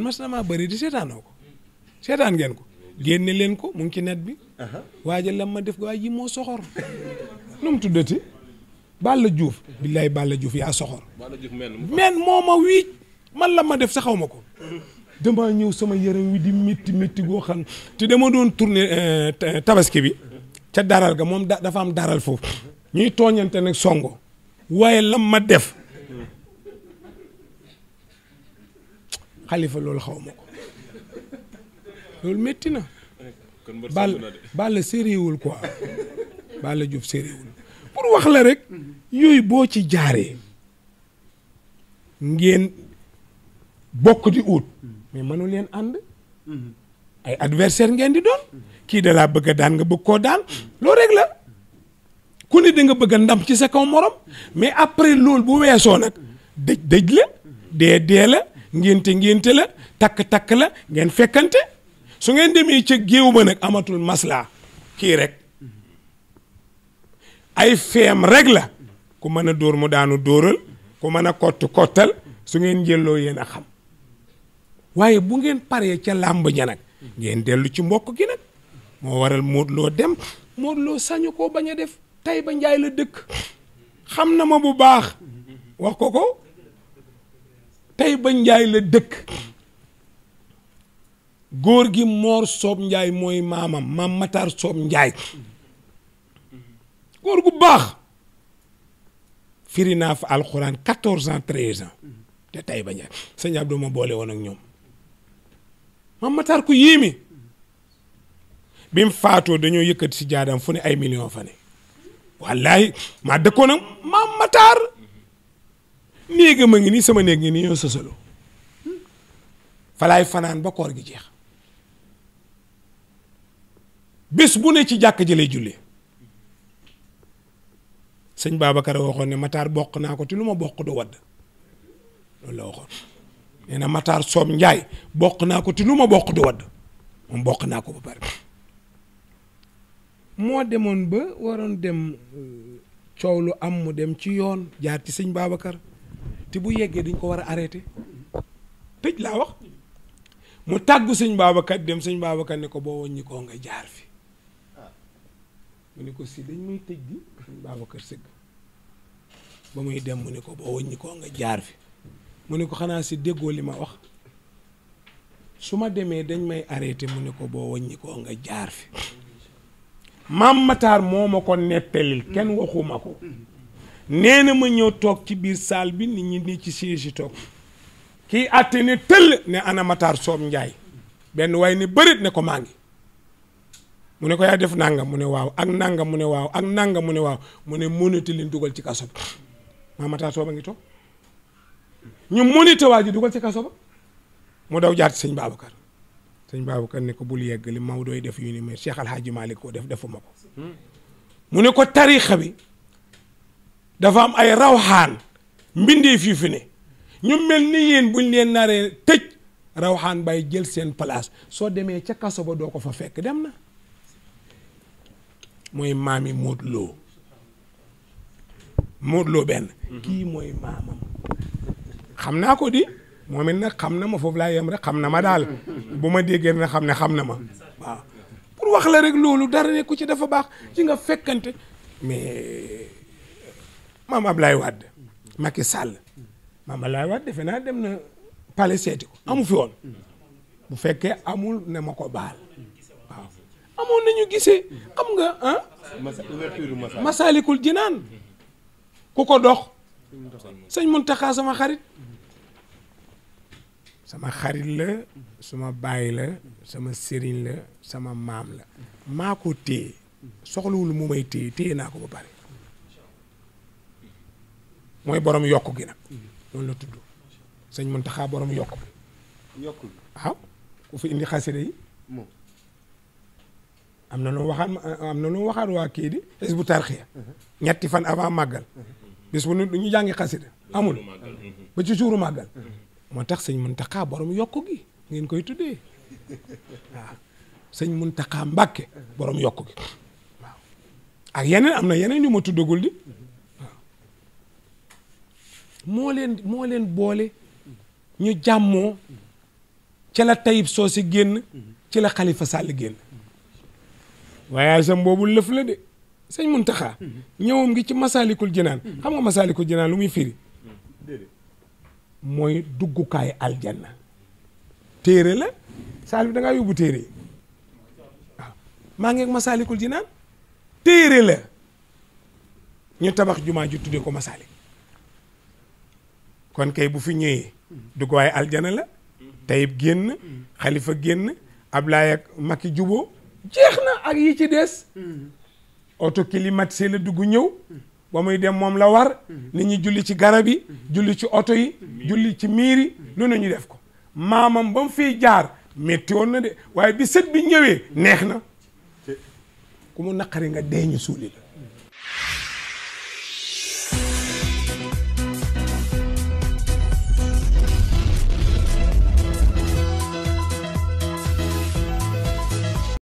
ma mas na maa bëri di seetaanoo ko seetaan ngeen ko génne leen ko mu ngi ci net bi waaja lam ma def ko waay ji moo soxor nu mu tuddati Balla Diouf billaay Balla Diouf yaa soxor men moo ma wiic man la ma def sa xaw ma ko damaa ñëw sama yaram wi di métti métti goo xam te dama doon tourner euh, tabaski bi ca daral ga moom dafa am daral foofu ñuy tooñante nag songo waaye lam ma def xalifa loolu xaw ma ko loolu metti na. bàll bàll séréewul quoi bàll jub séréewul pour wax la rek yooyu boo ci jaaree ngeen bokk di ut mais mënu leen ànd ay adversaire ngeen di doon kii da laa bëgg a daan nga bëgg koo daan loolu rek la ku ne da nga bëgg a ndam ci sa kaw morom mais après loolu bu weesoo nag dëj dëj la dee dee la ngénte ngénte la takk-takk la ngeen fekkante su ngeen demee ca géew ba nag amatul maslaa kii rekk ay feem rekk la ku mën a dóor mu daanu dóoral ku mën a kott kottal su ngeen jëlloo yéen a xam waaye bu ngeen paree ca làmb ja nag ngeen dellu ci mbokk gi nag moo waral mootloo dem Modou sañu koo bañ a def ba njaay la dëkk xam na ma bu baax wax ko ko tey ba njaay la dëkk góor gi moor soob njaay mooy maamam maam mataar soob njaay góor baax firi naa alxuraan quatorze ans treize ans te tey ba njaay sëñ Abdou ma boole woon ak ñoom maam mataar ku yéeme bi faatoo dañoo yëkkati si jaadam fu ay million fa ne maa dëkkoon ak néegam a ngi nii sama néeg ngi nii ñoo sësaloo falaay fanaan ba koor gi jeex bés bu ne ci jàkk ji lay jullee sëñ Babacar waxoon ne Matar bokk naa ko te lu ma bokk doo wadd loolu la waxoon nee Njaay bokk naa ko te lu ma bokk du wadd moom bokk naa ko ba pare moo demoon ba waroon dem euh, coow lu am mu dem ci yoon jaar ci sëñ Babacar te bu yeggee dañ ko war a arrêté tëj laa wax mu tàggu sëñ Babacar dem sëñ Babacar ne ko boo waññikoo koo nga jaar fi mu ne ko si dañ may muy dem mu ne ko boo nga jaar fi mu ne ko xanaa si déggoo li ma wax su ma demee dañ may arrêté mu ne ko boo waññikoo koo nga jaar fi maam Matar moo ma ko neppelil kenn waxuma ko nee na ma ñëw toog ci biir salle bi nit ñi ni ci siège yi toog kii àtte ne tëll ne ana Matar Soom Njaay benn waaye ne bërit ne ko maa ngi mu ne ko yaa def nangam mu ne waaw ak nangam mu ne waaw mu ne waaw mu ne monité dugal ci kaso a ngi toog ñu monité waa ji dugal ci mu daw jaar ci sëñ Babacar sëñ Babacar ne ko bul yeggali Maodo dooy def yu ni mais Cheikh Alhaji Malick ko def defuma ko mu ne ko tariixa bi dafa am ay rawxaan mbindeef yu fi mel ni yéen buñ leen naree tëj rawxaan bay jël seen place soo demee ca kaso ba doo ko fa fekk dem na mooy maami Modou Lo Modou Lo benn kii mooy maamam xam naa ko di moom nag xam na ma foofu laa yem rek xam na ma daal bu ma déggee na xam ne xam na ma waaw wax la rek loolu dara ne ku ci dafa baax ci nga fekkante mais maam Ablaye Wade Macky Sall maam Ablaye Wade defe naa dem na palais seeti ko amu fi woon bu fekkee amul ne ma ko baal waaw amoon nañu gisee xam nga ah masaalikul jinaan ku ko dox sañ sëñ Muntaxa sama xarit sama xarit la sama baay la sama sëriñ la sama maam la maa ko téye soxlawul mu may téye téye naa ko ba pare mooy borom yokk gi nag loolu la tudd sëñ Muntaxa borom yokk bi yokk ku fi indi xasida yi moom am na lu waxaat waa kii di Hizbut Tarqiyyah uh-huh. ñetti fan avant màggal uh-huh. bis bu nu ñu jàngi xasida amul uh-huh. ba ci suuru màggal moo tax sëñ Muntaxa borom yokk gi ngeen koy tuddee waaw sëñ Muntaxa Mbàkke borom yokk gi waaw yeneen am na yeneen yu ma tuddagul di moo leen moo leen boole ñu jàmmoo ci la Tayib Socé génn ci la Khalifa Sall génn waaye sam boobu lëf la de sëñ Muntaxa ñëwam ngi ci masaalikul jinaan xam nga masaalikul jinaan lu muy firi mooy duggukaayu aljanna téere la saal bi da maa ngi ak masaalikul téere la ñu tabax jumaa ju tudde ko masaalik kon kay bu fi ñëwee duggaay aljana la tayib génn xalifa génn Ablaye ak Macky juboo jeex na ak yi ci des oto climatisé la dugg ñëw ba muy dem moom la war nit ñi julli ci garab yi julli ci oto yi julli ci miir yi lu ne ñu def ko maamam ba mu fiy jaar metti woon na de waaye bi sët bi ñëwee neex na ku mu naqari nga deeñu suuli la